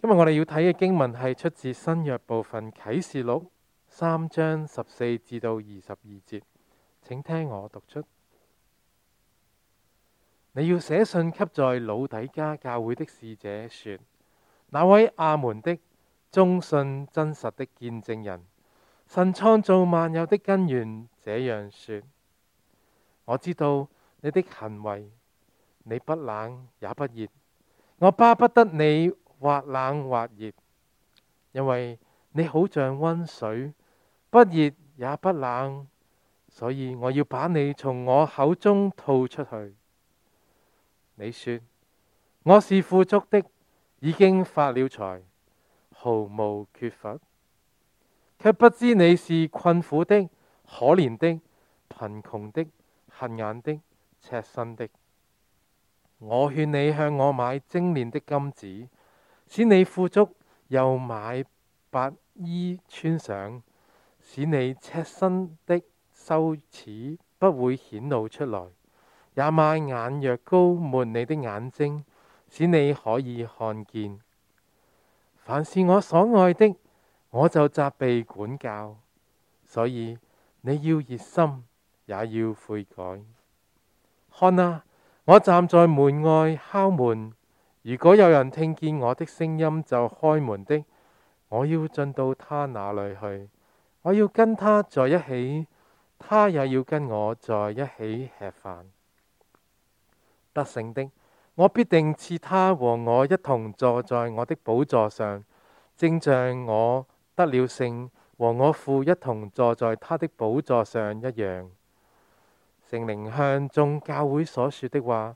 今日我哋要睇嘅經文係出自新約部分啟示錄三章十四至到二十二節，請聽我讀出。你要寫信給在老底加教會的使者說，那位阿門的忠信真實的見證人，神創造萬有的根源這樣說。我知道你的行為，你不冷也不熱，我巴不得你。或冷或熱，因為你好像溫水，不熱也不冷，所以我要把你從我口中吐出去。你說，我是富足的，已經發了財，毫無缺乏，卻不知你是困苦的、可憐的、貧窮的、恨眼的、赤身的。我勸你向我買精煉的金子。使你富足，又買白衣穿上，使你赤身的羞恥不會顯露出來；也買眼藥膏，抹你的眼睛，使你可以看見。凡是我所愛的，我就責備管教，所以你要熱心，也要悔改。看啊，我站在門外敲門。如果有人聽見我的聲音，就開門的，我要進到他那裏去，我要跟他在一起，他也要跟我在一起吃飯。得勝的，我必定賜他和我一同坐在我的寶座上，正像我得了勝，和我父一同坐在他的寶座上一樣。聖靈向眾教會所說的話，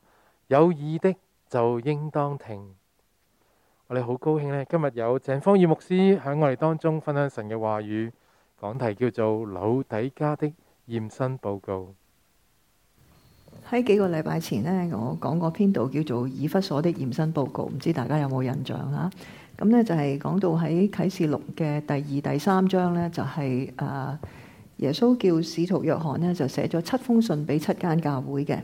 有意的。就應當停。我哋好高興呢今日有鄭方義牧師喺我哋當中分享神嘅話語，講題叫做《老底加的驗身報告》。喺幾個禮拜前呢，我講過篇道叫做《以弗所的驗身報告》，唔知大家有冇印象啊？咁呢就係講到喺啟示錄嘅第二、第三章呢，就係、是、誒耶穌叫使徒約翰呢，就寫咗七封信俾七間教會嘅。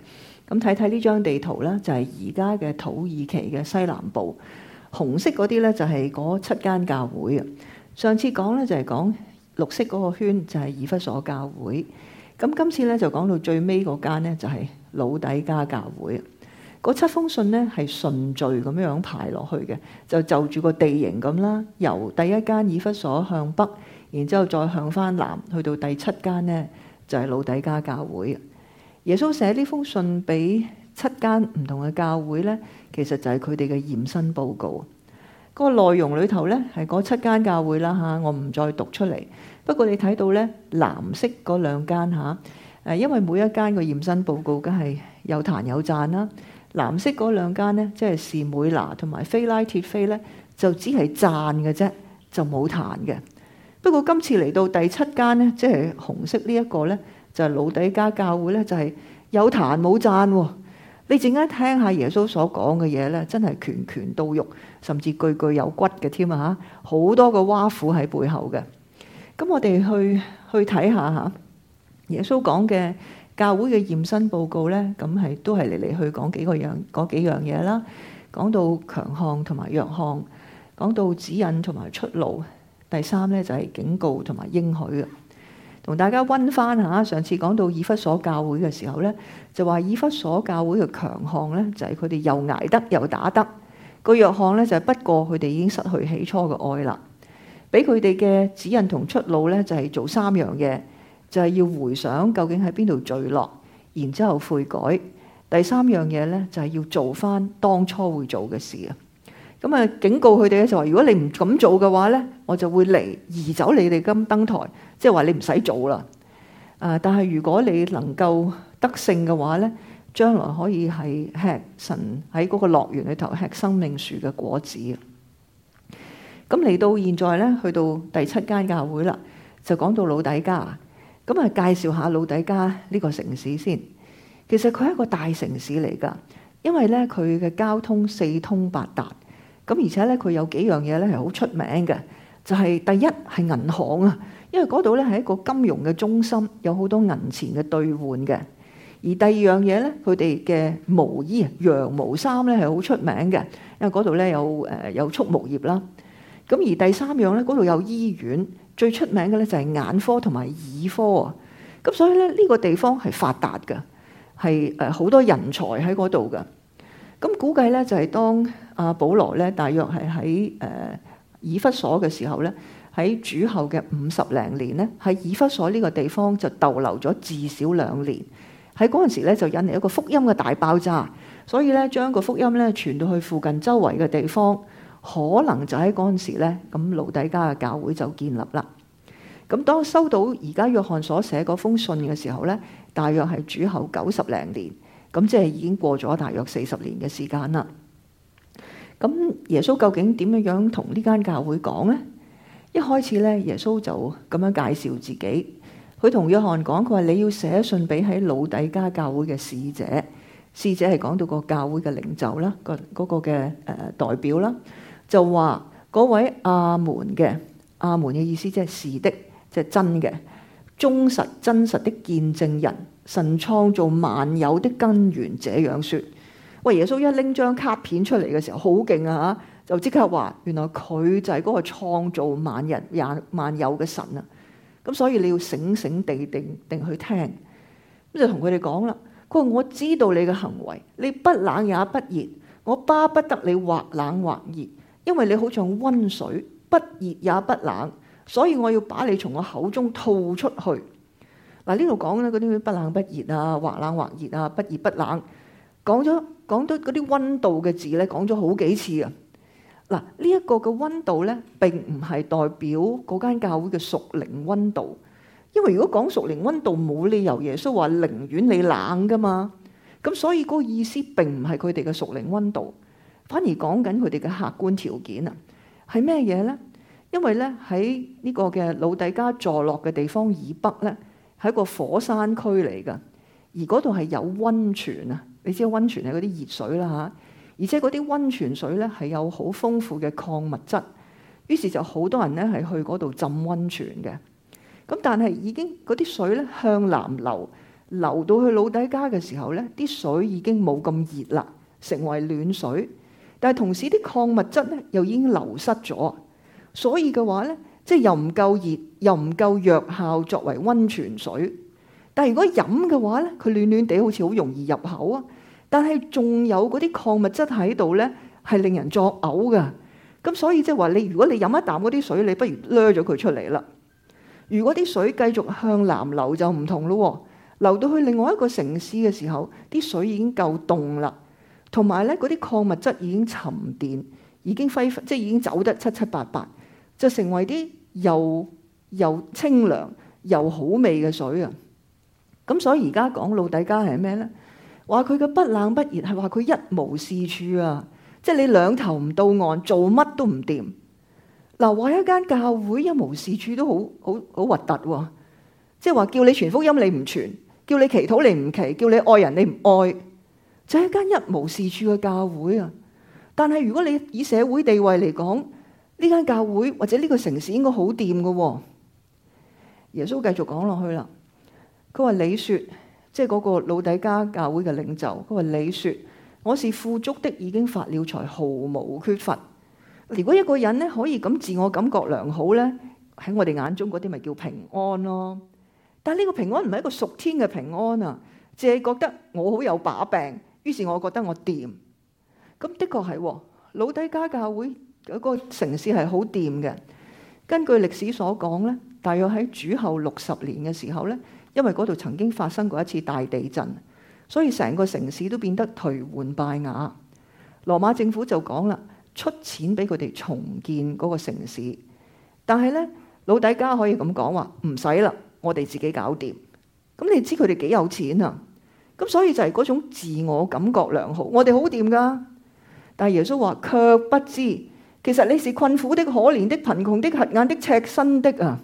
咁睇睇呢張地圖呢，就係而家嘅土耳其嘅西南部。紅色嗰啲呢，就係嗰七間教會啊。上次講呢，就係講綠色嗰個圈就係以弗所教會。咁今次呢，就講到最尾嗰間咧，就係老底嘉教會。嗰七封信呢，係順序咁樣排落去嘅，就就住個地形咁啦，由第一間以弗所向北，然之後再向翻南，去到第七間呢，就係老底嘉教會。耶穌寫呢封信俾七間唔同嘅教會咧，其實就係佢哋嘅驗身報告。嗰個內容裏頭咧，係嗰七間教會啦吓，我唔再讀出嚟。不過你睇到咧，藍色嗰兩間吓，誒，因為每一間嘅驗身報告梗係有彈有讚啦。藍色嗰兩間呢，即係士妹拿同埋菲拉鐵非咧，就只係讚嘅啫，就冇彈嘅。不過今次嚟到第七間呢，即係紅色呢一個咧。就係老底嘉教會咧，就係、是、有彈冇讚。你陣間聽下耶穌所講嘅嘢咧，真係拳拳到肉，甚至句句有骨嘅添啊！嚇，好多個蛙虎喺背後嘅。咁我哋去去睇下嚇，耶穌講嘅教會嘅驗身報告咧，咁係都係嚟嚟去講幾個樣嗰幾樣嘢啦。講到強項同埋弱項，講到指引同埋出路。第三咧就係、是、警告同埋應許嘅。同大家溫翻下上次講到以弗所教會嘅時候咧，就話以弗所教會嘅強項咧就係佢哋又捱得又打得，個弱項咧就係不過佢哋已經失去起初嘅愛啦。俾佢哋嘅指引同出路咧就係做三樣嘢，就係、是、要回想究竟喺邊度墜落，然之後悔改。第三樣嘢咧就係要做翻當初會做嘅事啊。咁啊！警告佢哋咧，就話：如果你唔咁做嘅話咧，我就會嚟移走你哋嘅燈臺，即係話你唔使做啦。啊！但係如果你能夠得勝嘅話咧，將來可以係吃神喺嗰個樂園裏頭吃生命樹嘅果子。咁、啊、嚟到現在咧，去到第七間教會啦，就講到老底嘉。咁啊，介紹下老底嘉呢個城市先。其實佢係一個大城市嚟㗎，因為咧佢嘅交通四通八達。咁而且咧，佢有幾樣嘢咧係好出名嘅，就係第一係銀行啊，因為嗰度咧係一個金融嘅中心，有好多銀錢嘅兌換嘅。而第二樣嘢咧，佢哋嘅毛衣啊、羊毛衫咧係好出名嘅，因為嗰度咧有誒有畜牧業啦。咁而第三樣咧，嗰度有醫院，最出名嘅咧就係眼科同埋耳科啊。咁所以咧，呢個地方係發達嘅，係誒好多人才喺嗰度嘅。咁估計咧，就係當阿保羅咧，大約係喺誒以弗所嘅時候咧，喺主後嘅五十零年咧，喺以弗所呢個地方就逗留咗至少兩年。喺嗰陣時咧，就引嚟一個福音嘅大爆炸，所以咧將個福音咧傳到去附近周圍嘅地方，可能就喺嗰陣時咧，咁老底嘉嘅教會就建立啦。咁當收到而家約翰所寫嗰封信嘅時候咧，大約係主後九十零年。咁即係已經過咗大約四十年嘅時間啦。咁耶穌究竟點樣樣同呢間教會講呢？一開始咧，耶穌就咁樣介紹自己。佢同約翰講，佢話你要寫信俾喺老底加教會嘅使者。使者係講到個教會嘅領袖啦，嗰個嗰個嘅誒代表啦，就話嗰位阿門嘅阿門嘅意思即係是，是的，即、就、係、是、真嘅，忠實真實的見證人。神創造萬有的根源，這樣説。喂，耶穌一拎張卡片出嚟嘅時候，好勁啊！嚇，就即刻話：原來佢就係嗰個創造萬人、也萬有嘅神啊！咁所以你要醒醒地定定去聽。咁就同佢哋講啦。佢話：我知道你嘅行為，你不冷也不熱，我巴不得你或冷或熱，因為你好像温水，不熱也不冷，所以我要把你從我口中吐出去。嗱，呢度講咧嗰啲不冷不熱啊，或冷或熱啊，不熱不冷，講咗講咗嗰啲温度嘅字咧，講咗好幾次啊。嗱，呢一個嘅温度咧，並唔係代表嗰間教會嘅屬靈温度，因為如果講屬靈温度，冇理由耶穌話寧願你冷噶嘛。咁所以嗰意思並唔係佢哋嘅屬靈温度，反而講緊佢哋嘅客觀條件啊。係咩嘢咧？因為咧喺呢個嘅老底嘉坐落嘅地方以北咧。喺一個火山區嚟㗎，而嗰度係有温泉啊！你知温泉係嗰啲熱水啦嚇、啊，而且嗰啲溫泉水咧係有好豐富嘅礦物質，於是就好多人咧係去嗰度浸温泉嘅。咁但係已經嗰啲水咧向南流，流到去老底家嘅時候咧，啲水已經冇咁熱啦，成為暖水。但係同時啲礦物質咧又已經流失咗，所以嘅話咧。即係又唔夠熱，又唔夠藥效作為溫泉水。但係如果飲嘅話咧，佢暖暖地，好似好容易入口啊。但係仲有嗰啲礦物質喺度咧，係令人作嘔㗎。咁所以即係話，你如果你飲一啖嗰啲水，你不如掠咗佢出嚟啦。如果啲水繼續向南流就唔同咯，流到去另外一個城市嘅時候，啲水已經夠凍啦，同埋咧嗰啲礦物質已經沉澱，已經揮揮即係已經走得七七八八，就成為啲，又又清涼又好味嘅水啊！咁所以而家講老底家係咩呢？話佢嘅不冷不熱係話佢一無是處啊！即係你兩頭唔到岸，做乜都唔掂。嗱，話一間教會一無是處都好好好核突喎！即係話叫你傳福音你唔傳，叫你祈禱你唔祈，叫你愛人你唔愛，就係一間一無是處嘅教會啊！但係如果你以社會地位嚟講，呢間教會或者呢個城市應該好掂㗎喎。耶穌繼續講落去啦。佢話你說，李雪即係嗰個老底嘉教會嘅領袖。佢話你說李雪，我是富足的，已經發了財，毫無缺乏。如果一個人咧可以咁自我感覺良好咧，喺我哋眼中嗰啲咪叫平安咯。但係呢個平安唔係一個屬天嘅平安啊，淨係覺得我好有把柄，於是我覺得我掂。咁的確係，啊，老底嘉教會。嗰個城市係好掂嘅，根據歷史所講呢，大約喺主後六十年嘅時候呢，因為嗰度曾經發生過一次大地震，所以成個城市都變得頹垣敗瓦。羅馬政府就講啦，出錢俾佢哋重建嗰個城市，但係呢，老底嘉可以咁講，話唔使啦，我哋自己搞掂。咁你知佢哋幾有錢啊？咁所以就係嗰種自我感覺良好，我哋好掂噶。但係耶穌話，卻不知。其實你是困苦的、可憐的、貧窮的、瞎眼的、赤身的啊！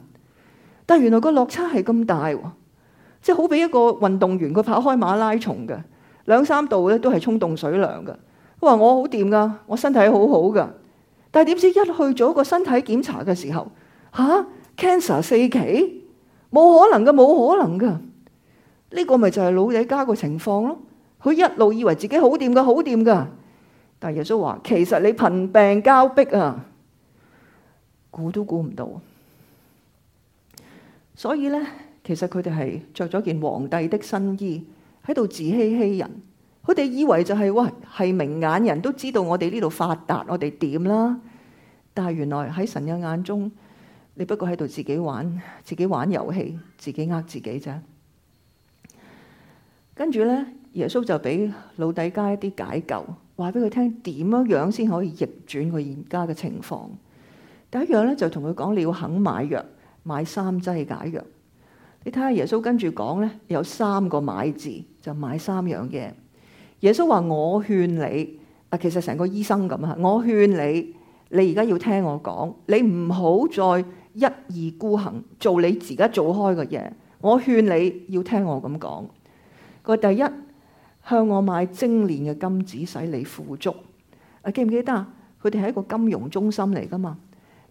但原來個落差係咁大喎，即係好比一個運動員，佢跑開馬拉松嘅兩三度咧，都係衝凍水涼嘅。佢話我好掂㗎，我身體好好㗎。但係點知一去做個身體檢查嘅時候，吓、啊、cancer 四期，冇可能嘅，冇可能嘅。呢、這個咪就係老底嘉個情況咯。佢一路以為自己好掂嘅，好掂㗎。但耶穌話，其實你貧病交迫啊，估都估唔到。所以咧，其實佢哋係着咗件皇帝的新衣，喺度自欺欺人。佢哋以為就係、哇、喂，係明眼人都知道我哋呢度發達，我哋點啦？但係原來喺神嘅眼中，你不過喺度自己玩，自己玩遊戲，自己呃自己啫。跟住咧，耶穌就俾老底嘉一啲解救。話俾佢聽點樣樣先可以逆轉佢而家嘅情況？第一樣咧，就同佢講，你要肯買藥，買三劑解藥。你睇下耶穌跟住講咧，有三個買字，就買三樣嘢。耶穌話：我勸你啊，其實成個醫生咁啊，我勸你，你而家要聽我講，你唔好再一意孤行做你自己做開嘅嘢。我勸你要聽我咁講。個第一。向我買精煉嘅金子，使你富足，啊記唔記得啊？佢哋係一個金融中心嚟噶嘛？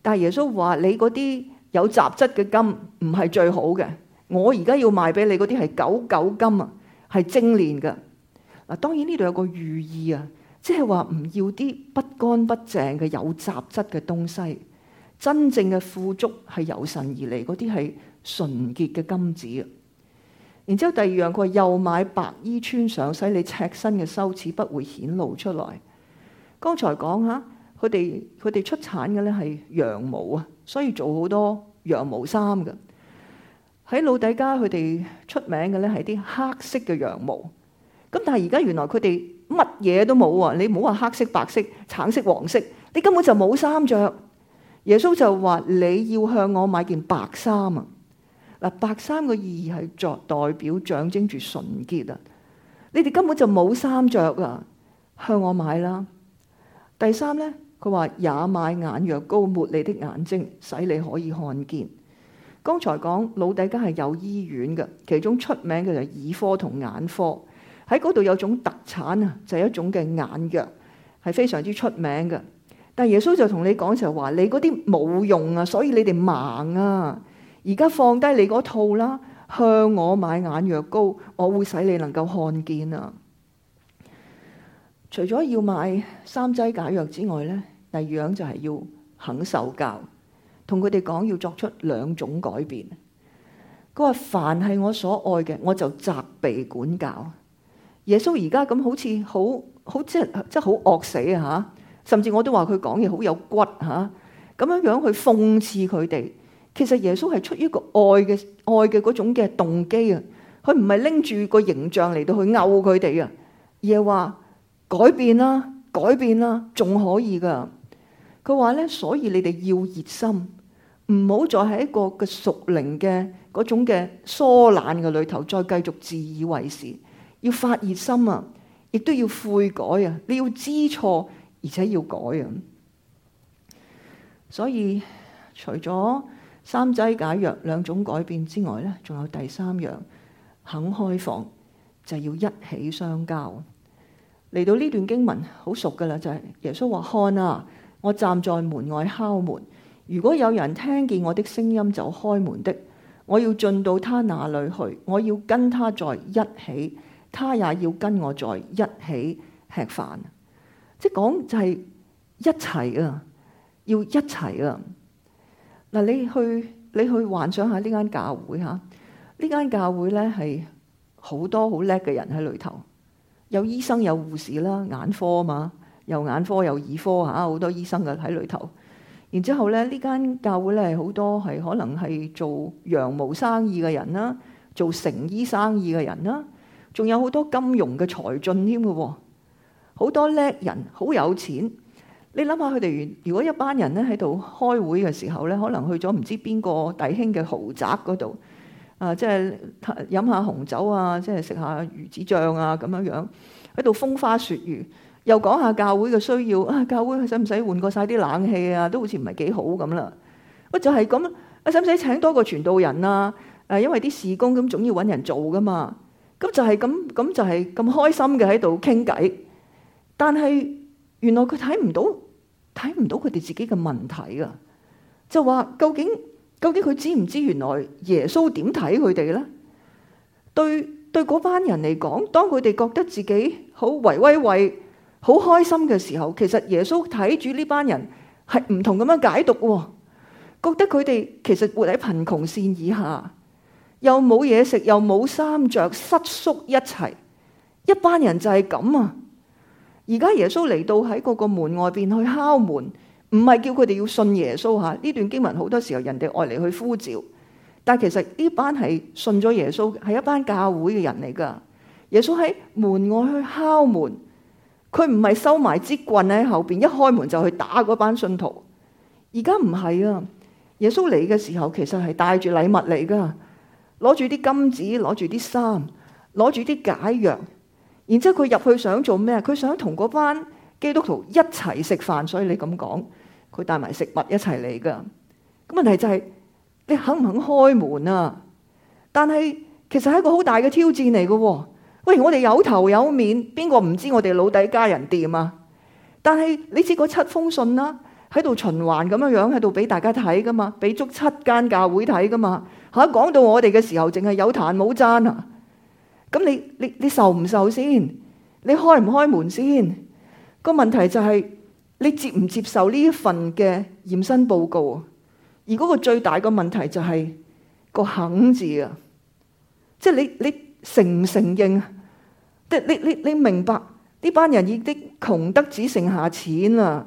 但係耶穌話你嗰啲有雜質嘅金唔係最好嘅，我而家要賣俾你嗰啲係九九金啊，係精煉嘅。嗱，當然呢度有個寓意啊，即係話唔要啲不乾不淨嘅有雜質嘅東西，真正嘅富足係由神而嚟，嗰啲係純潔嘅金子啊。然之後第二樣佢又買白衣穿上，使你赤身嘅羞恥不會顯露出來。剛才講吓，佢哋佢哋出產嘅咧係羊毛啊，所以做好多羊毛衫㗎。喺老底家，佢哋出名嘅咧係啲黑色嘅羊毛。咁但係而家原來佢哋乜嘢都冇啊！你唔好話黑色、白色、橙色、黃色，你根本就冇衫着。耶穌就話你要向我買件白衫啊！白衫嘅意義係作代表，象徵住純潔啊！你哋根本就冇衫着啊，向我買啦！第三呢，佢話也買眼藥膏，抹你的眼睛，使你可以看見。剛才講老底嘉係有醫院嘅，其中出名嘅就耳科同眼科，喺嗰度有種特產啊，就係一種嘅眼藥，係非常之出名嘅。但耶穌就同你講就係話，你嗰啲冇用啊，所以你哋盲啊！而家放低你嗰套啦，向我買眼藥膏，我會使你能夠看見啊！除咗要買三劑解藥之外咧，第二樣就係要肯受教，同佢哋講要作出兩種改變。佢話凡係我所愛嘅，我就責備管教。耶穌而家咁好似好好即係即係好惡死啊吓！甚至我都話佢講嘢好有骨吓，咁、啊、樣樣去諷刺佢哋。其實耶穌係出於一個愛嘅愛嘅嗰種嘅動機啊，佢唔係拎住個形象嚟到去拗佢哋啊。而係話改變啦，改變啦、啊，仲、啊、可以噶。佢話咧，所以你哋要熱心，唔好再喺一個嘅熟齡嘅嗰種嘅疏懶嘅裏頭，再繼續自以為是。要發熱心啊，亦都要悔改啊，你要知錯而且要改啊。所以除咗三劑解藥兩種改變之外咧，仲有第三樣肯開放，就係要一起相交。嚟到呢段經文好熟㗎喇，就係耶穌話：看啊，我站在門外敲門，如果有人聽見我的聲音就開門的，我要進到他那裡去，我要跟他在一起，他也要跟我在一起吃飯。即係講就係一齊啊，要一齊啊。嗱，你去你去幻想下呢間教會嚇，呢間教會咧係好多好叻嘅人喺裏頭，有醫生有護士啦，眼科啊嘛，有眼科有耳科嚇，好多醫生嘅喺裏頭。然之後咧，呢間教會咧好多係可能係做羊毛生意嘅人啦，做成衣生意嘅人啦，仲有好多金融嘅財俊添嘅喎，好多叻人，好有錢。你諗下佢哋，如果一班人咧喺度開會嘅時候咧，可能去咗唔知邊個弟兄嘅豪宅嗰度，啊、呃，即係飲下紅酒啊，即係食下魚子醬啊，咁樣樣喺度風花雪月，又講下教會嘅需要啊，教會使唔使換過晒啲冷氣啊？都好似唔係幾好咁啦。喂，就係咁啊，使唔使請多個傳道人啊？誒、啊，因為啲事工咁總要搵人做㗎嘛。咁就係咁，咁就係咁開心嘅喺度傾偈。但係原來佢睇唔到。睇唔到佢哋自己嘅問題啊！就話究竟究竟佢知唔知原來耶穌點睇佢哋呢？對對，嗰班人嚟講，當佢哋覺得自己好威威威、好開心嘅時候，其實耶穌睇住呢班人係唔同咁樣解讀喎、哦，覺得佢哋其實活喺貧窮線以下，又冇嘢食，又冇衫着，失縮一齊，一班人就係咁啊！而家耶穌嚟到喺嗰個門外邊去敲門，唔係叫佢哋要信耶穌嚇。呢段經文好多時候人哋愛嚟去呼召，但其實呢班係信咗耶穌，係一班教會嘅人嚟噶。耶穌喺門外去敲門，佢唔係收埋支棍喺後邊，一開門就去打嗰班信徒。而家唔係啊，耶穌嚟嘅時候其實係帶住禮物嚟噶，攞住啲金子，攞住啲衫，攞住啲解藥。然之後佢入去想做咩？佢想同嗰班基督徒一齊食飯，所以你咁講，佢帶埋食物一齊嚟噶。咁問題就係、是、你肯唔肯開門啊？但係其實係一個好大嘅挑戰嚟嘅、哦。喂，我哋有頭有面，邊個唔知我哋老底家人點啊？但係你知嗰七封信啦、啊，喺度循環咁樣樣喺度俾大家睇噶嘛，俾足七間教會睇噶嘛。嚇、啊，講到我哋嘅時候，淨係有彈冇讚啊！咁你你你受唔受先？你開唔開門先？個問題就係你接唔接受呢一份嘅驗身報告啊？而嗰個最大個問題就係個肯字啊！即係你你承唔承認？即係你你你明白，呢班人已經窮得只剩下錢啦。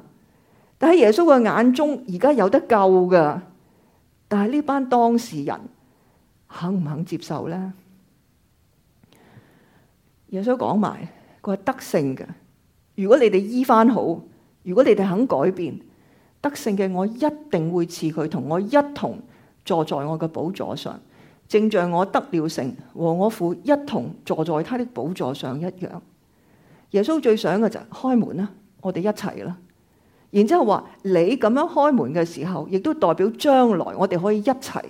但喺耶穌嘅眼中，而家有得救噶。但係呢班當事人肯唔肯接受咧？耶穌講埋，佢係得勝嘅。如果你哋醫翻好，如果你哋肯改變，得勝嘅我一定會賜佢同我一同坐在我嘅寶座上，正像我得了勝和我父一同坐在他的寶座上一樣。耶穌最想嘅就係開門啦，我哋一齊啦。然之後話你咁樣開門嘅時候，亦都代表將來我哋可以一齊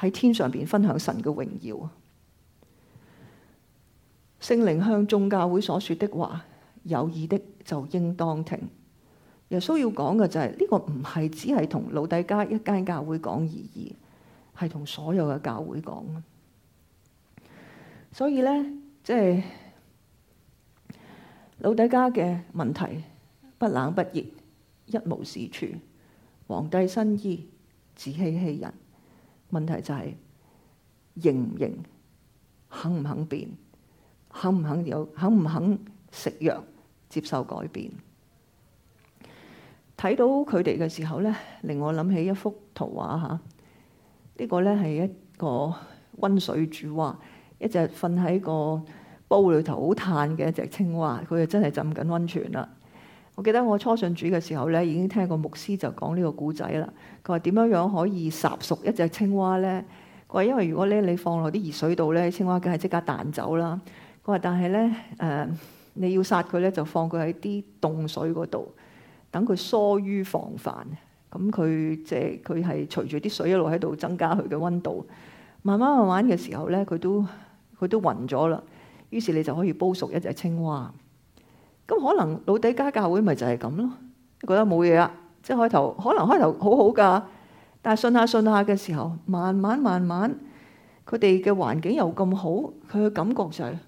喺天上邊分享神嘅榮耀。聖靈向眾教會所說的話，有耳的就應當聽。耶穌要講嘅就係呢個，呢個唔係只係同老底加一間教會講而已，係同所有嘅教會講。所以呢，即係老底加嘅問題不冷不熱，一無是處，皇帝新衣，自欺欺人。問題就係認唔認，肯唔肯變？肯唔肯有，肯唔肯食藥，接受改變？睇到佢哋嘅時候咧，令我諗起一幅圖畫吓。呢個咧係一個温水煮蛙，一隻瞓喺個煲裏頭好嘆嘅一隻青蛙，佢啊真係浸緊温泉啦。我記得我初信主嘅時候咧，已經聽過牧師就講呢個故仔啦。佢話點樣樣可以烚熟一隻青蛙咧？佢話，因為如果咧你放落啲熱水度咧，青蛙梗係即刻彈走啦。佢話：但係咧，誒、呃，你要殺佢咧，就放佢喺啲凍水嗰度，等佢疏於防範。咁佢即係佢係隨住啲水一路喺度增加佢嘅溫度，慢慢慢慢嘅時候咧，佢都佢都暈咗啦。於是你就可以煲熟一隻青蛙。咁可能老底家教會咪就係咁咯？覺得冇嘢啦，即係開頭可能開頭好好㗎，但係信下信下嘅時候，慢慢慢慢佢哋嘅環境又咁好，佢嘅感覺就係、是。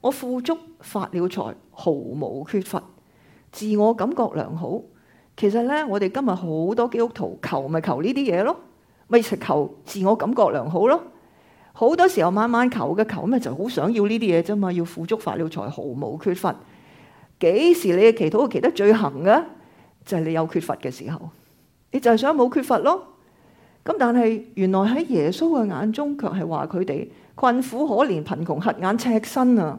我富足發了財，毫無缺乏，自我感覺良好。其實咧，我哋今日好多基督徒求咪求呢啲嘢咯，咪食求自我感覺良好咯。好多時候晚晚求嘅求咪就好想要呢啲嘢啫嘛，要富足發了財，毫無缺乏。幾時你嘅祈禱會祈得最行嘅，就係你有缺乏嘅時候。你就係想冇缺乏咯。咁但係原來喺耶穌嘅眼中，卻係話佢哋困苦可憐貧窮，瞎眼赤身啊！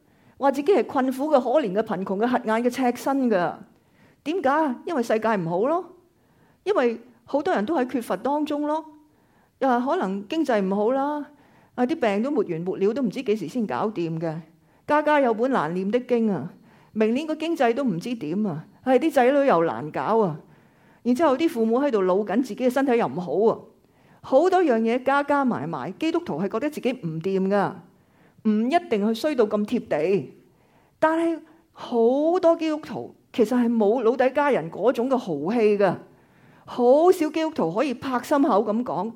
話自己係困苦嘅、可憐嘅、貧窮嘅、瞎眼嘅、赤身嘅，點解？因為世界唔好咯，因為好多人都喺缺乏當中咯。又、啊、可能經濟唔好啦，啊啲病都沒完沒了，都唔知幾時先搞掂嘅。家家有本難念的經啊，明年個經濟都唔知點啊，係啲仔女又難搞啊，然之後啲父母喺度老緊，自己嘅身體又唔好啊，好多樣嘢加加埋埋，基督徒係覺得自己唔掂噶。唔一定去衰到咁貼地，但係好多基督徒其實係冇老底家人嗰種嘅豪氣噶，好少基督徒可以拍心口咁講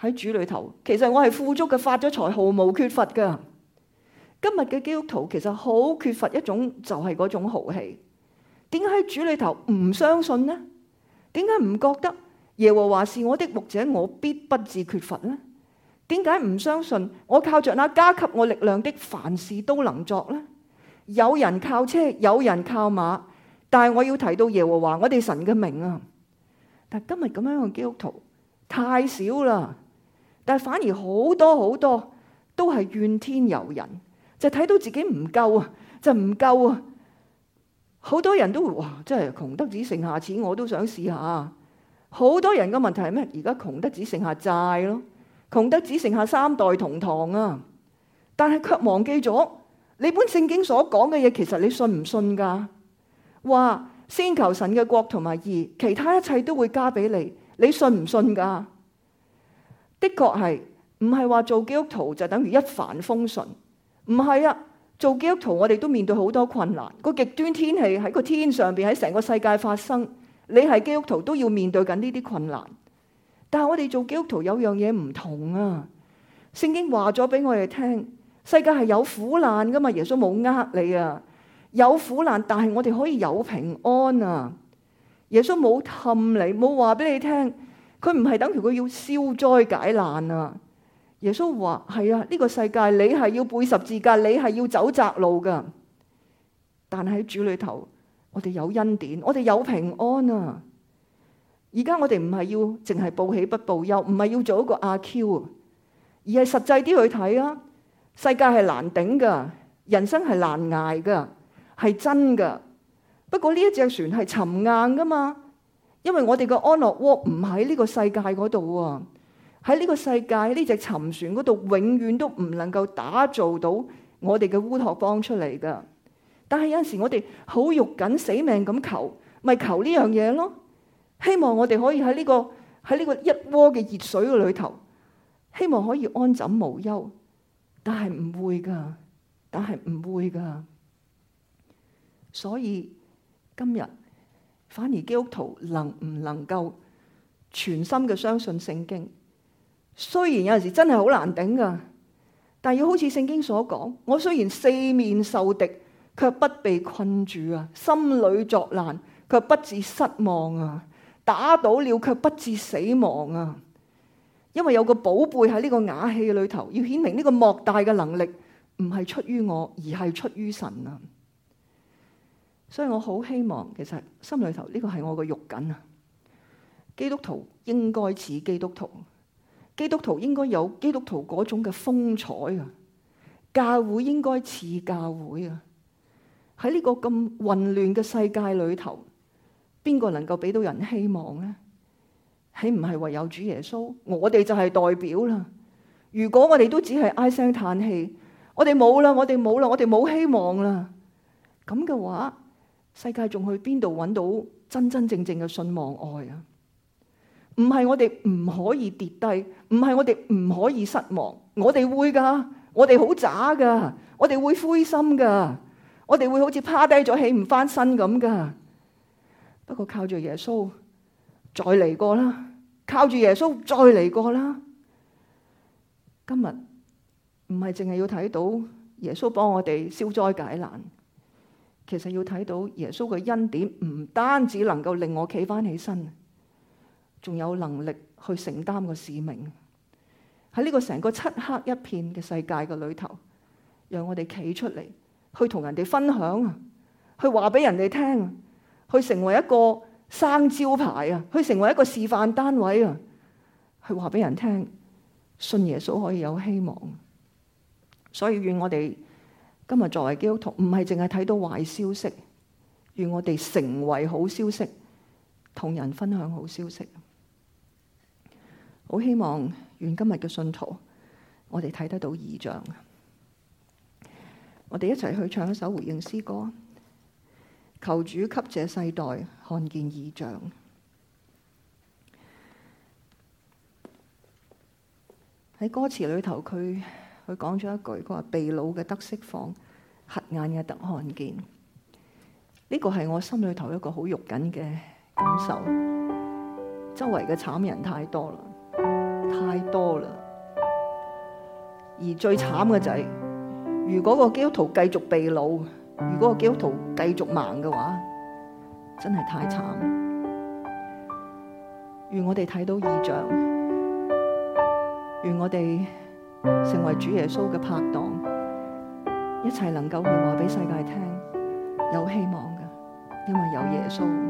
喺主裏頭，其實我係富足嘅，發咗財，毫無缺乏噶。今日嘅基督徒其實好缺乏一種，就係嗰種豪氣。點解喺主裏頭唔相信呢？點解唔覺得耶和華是我的牧者，我必不至缺乏呢？點解唔相信，我靠着那加給我力量的，凡事都能作呢？有人靠車，有人靠馬，但係我要提到耶和華，我哋神嘅名啊！但今日咁樣嘅基督徒太少啦，但係反而好多好多都係怨天尤人，就睇到自己唔夠，夠啊，就唔夠啊！好多人都話，哇，真係窮得只剩下錢，我都想試下。好多人嘅問題係咩？而家窮得只剩下債咯。窮得只剩下三代同堂啊！但係卻忘記咗你本聖經所講嘅嘢，其實你信唔信㗎？話先求神嘅國同埋義，其他一切都會加俾你。你信唔信㗎？的確係，唔係話做基督徒就等於一帆風順。唔係啊！做基督徒我哋都面對好多困難。個極端天氣喺個天上邊喺成個世界發生，你係基督徒都要面對緊呢啲困難。但係我哋做基督徒有樣嘢唔同啊！聖經話咗俾我哋聽，世界係有苦難噶嘛？耶穌冇呃你啊，有苦難，但係我哋可以有平安啊！耶穌冇氹你，冇話俾你聽，佢唔係等於佢要消災解難啊！耶穌話：係啊，呢個世界你係要背十字架，你係要走窄路噶。但係喺主裏頭，我哋有恩典，我哋有平安啊！而家我哋唔係要淨係報喜不報憂，唔係要做一個阿 Q，而係實際啲去睇啊。世界係難頂噶，人生係難捱噶，係真噶。不過呢一隻船係沉硬噶嘛，因為我哋嘅安樂窩唔喺呢個世界嗰度喎，喺呢個世界呢隻沉船嗰度永遠都唔能夠打造到我哋嘅烏托邦出嚟噶。但係有陣時我哋好肉緊死命咁求，咪求呢樣嘢咯。希望我哋可以喺呢個喺呢個一鍋嘅熱水嘅裏頭，希望可以安枕無憂。但係唔會㗎，但係唔會㗎。所以今日反而基督徒能唔能夠全心嘅相信聖經？雖然有陣時真係好難頂㗎，但係要好似聖經所講，我雖然四面受敵，卻不被困住啊；心裏作難，卻不致失望啊。打倒了卻不至死亡啊！因為有個寶貝喺呢個瓦器裏頭，要顯明呢個莫大嘅能力唔係出於我，而係出於神啊！所以我好希望，其實心裏頭呢、呢個係我嘅肉緊啊！基督徒應該似基督徒，基督徒應該有基督徒嗰種嘅風采啊！教會應該似教會啊！喺呢個咁混亂嘅世界裏頭。邊個能夠俾到人希望咧？豈唔係唯有主耶穌？我哋就係代表啦。如果我哋都只係唉聲嘆氣，我哋冇啦，我哋冇啦，我哋冇希望啦。咁嘅話，世界仲去邊度搵到真真正正嘅信望愛啊？唔係我哋唔可以跌低，唔係我哋唔可以失望。我哋會噶，我哋好渣噶，我哋會灰心噶，我哋會好似趴低咗起唔翻身咁噶。不過靠住耶穌再嚟過啦，靠住耶穌再嚟過啦。今日唔係淨係要睇到耶穌幫我哋消災解難，其實要睇到耶穌嘅恩典，唔單止能夠令我企翻起身，仲有能力去承擔個使命。喺呢個成個漆黑一片嘅世界嘅裏頭，讓我哋企出嚟去同人哋分享，去話俾人哋聽。去成為一個生招牌啊！去成為一個示範單位啊！去話俾人聽，信耶穌可以有希望。所以願我哋今日作為基督徒，唔係淨係睇到壞消息，願我哋成為好消息，同人分享好消息。好希望，願今日嘅信徒，我哋睇得到異象。我哋一齊去唱一首回應詩歌。求主給這世代看見異象。喺歌詞裏頭，佢佢講咗一句，佢話被擄嘅得釋放，瞎眼嘅得看見。呢個係我心裏頭一個好肉緊嘅感受。周圍嘅慘人太多啦，太多啦。而最慘嘅就係、是，如果個基督徒繼續被擄。如果基督徒繼續盲嘅話，真係太慘。願我哋睇到異象，願我哋成為主耶穌嘅拍檔，一齊能夠去話俾世界聽，有希望嘅，因為有耶穌。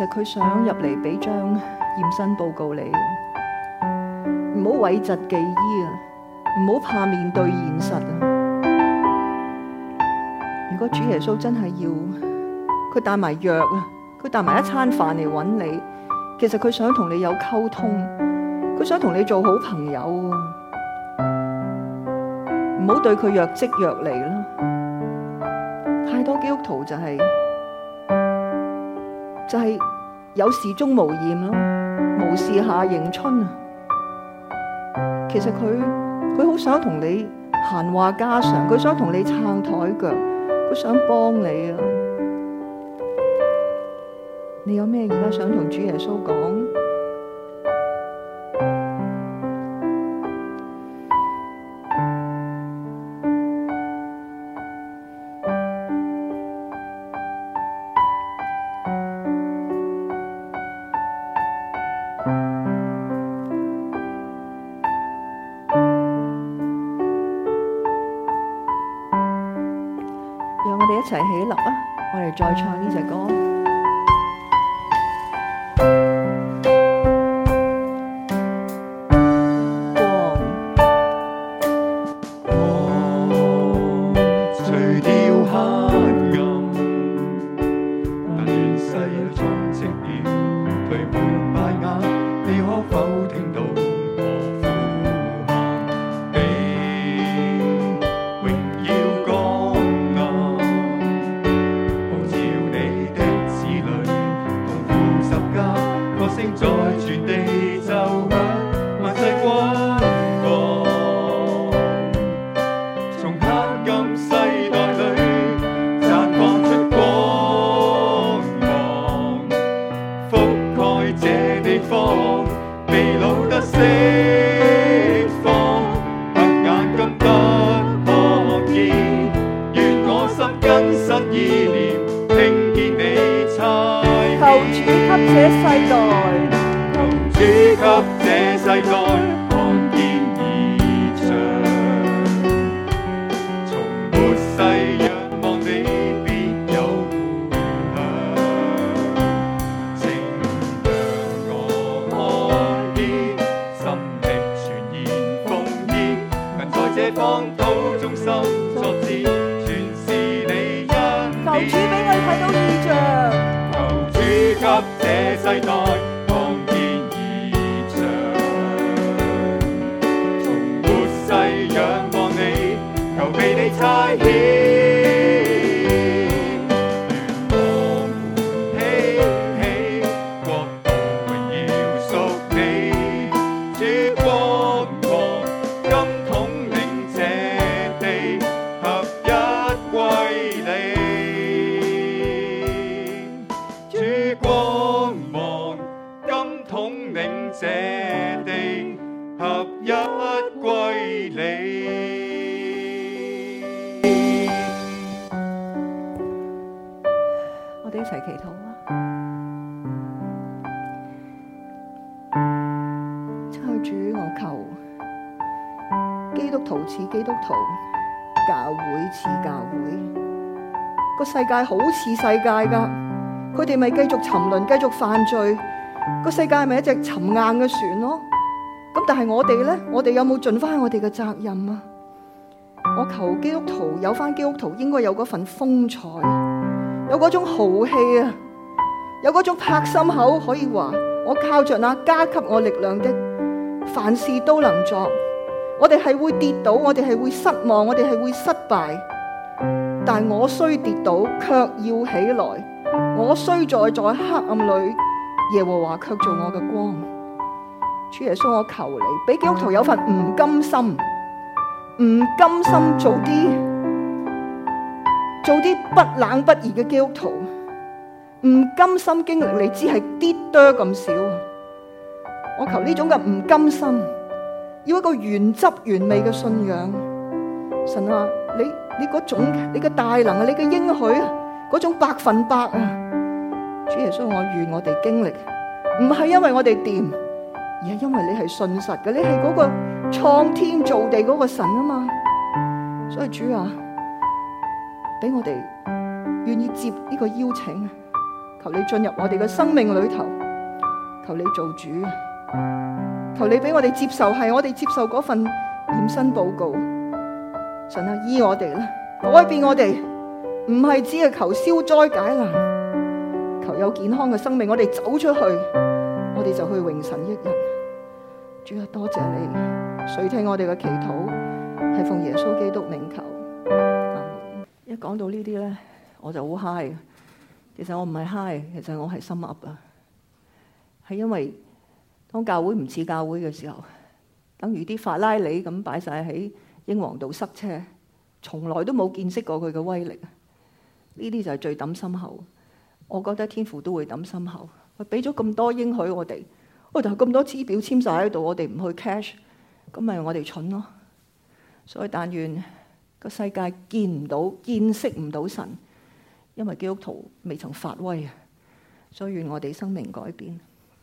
其實佢想入嚟俾張驗身報告你，唔好諱疾忌醫啊，唔好怕面對現實啊。如果主耶穌真係要佢帶埋藥啊，佢帶埋一餐飯嚟搵你，其實佢想同你有溝通，佢想同你做好朋友，唔好對佢若即若離咯。太多基督徒就係、是。就係有事中無言鍾無艷咯，無事夏迎春。其實佢好想同你閒話家常，佢想同你撐台腳，佢想幫你啊！你有咩而家想同主耶穌講？再唱呢首歌。界好似世界噶，佢哋咪繼續沉淪，繼續犯罪。個世界係咪一隻沉硬嘅船咯？咁但係我哋咧，我哋有冇盡翻我哋嘅責任啊？我求基督徒有翻基督徒應該有嗰份風采，有嗰種豪氣啊！有嗰種拍心口可以話：我靠着那加給我力量的，凡事都能作。我哋係會跌倒，我哋係會失望，我哋係會失敗。但我雖跌倒，却要起來；我雖在在，在黑暗裏，耶和華却做我嘅光。主耶穌，我求你俾基督徒有份唔甘心，唔甘心做啲做啲不冷不熱嘅基督徒，唔甘心經歷你只係啲多咁少。我求呢種嘅唔甘心，要一個原汁原味嘅信仰，神啊！你嗰種，你嘅大能啊，你嘅應許啊，嗰種百分百啊！主耶穌，我願我哋經歷，唔係因為我哋掂，而係因為你係信實嘅，你係嗰個創天造地嗰個神啊嘛！所以主啊，俾我哋願意接呢個邀請，求你進入我哋嘅生命裏頭，求你做主，求你俾我哋接受，係我哋接受嗰份驗身報告。神啊，醫我哋啦，改變我哋，唔係只係求消災解難，求有健康嘅生命。我哋走出去，我哋就去榮神益人。主要多謝你垂聽我哋嘅祈禱，係奉耶穌基督名求。嗯、一講到呢啲咧，我就好嗨。其實我唔係嗨，其實我係心 up 啊。係因為當教會唔似教會嘅時候，等於啲法拉利咁擺晒喺。英皇道塞車，從來都冇見識過佢嘅威力。呢啲就係最抌心口。我覺得天父都會抌心口。佢俾咗咁多應許我哋，我就咁多支票簽晒喺度，我哋唔去 cash，咁咪我哋蠢咯。所以但願個世界見唔到、見識唔到神，因為基督徒未曾發威啊。所以願我哋生命改變。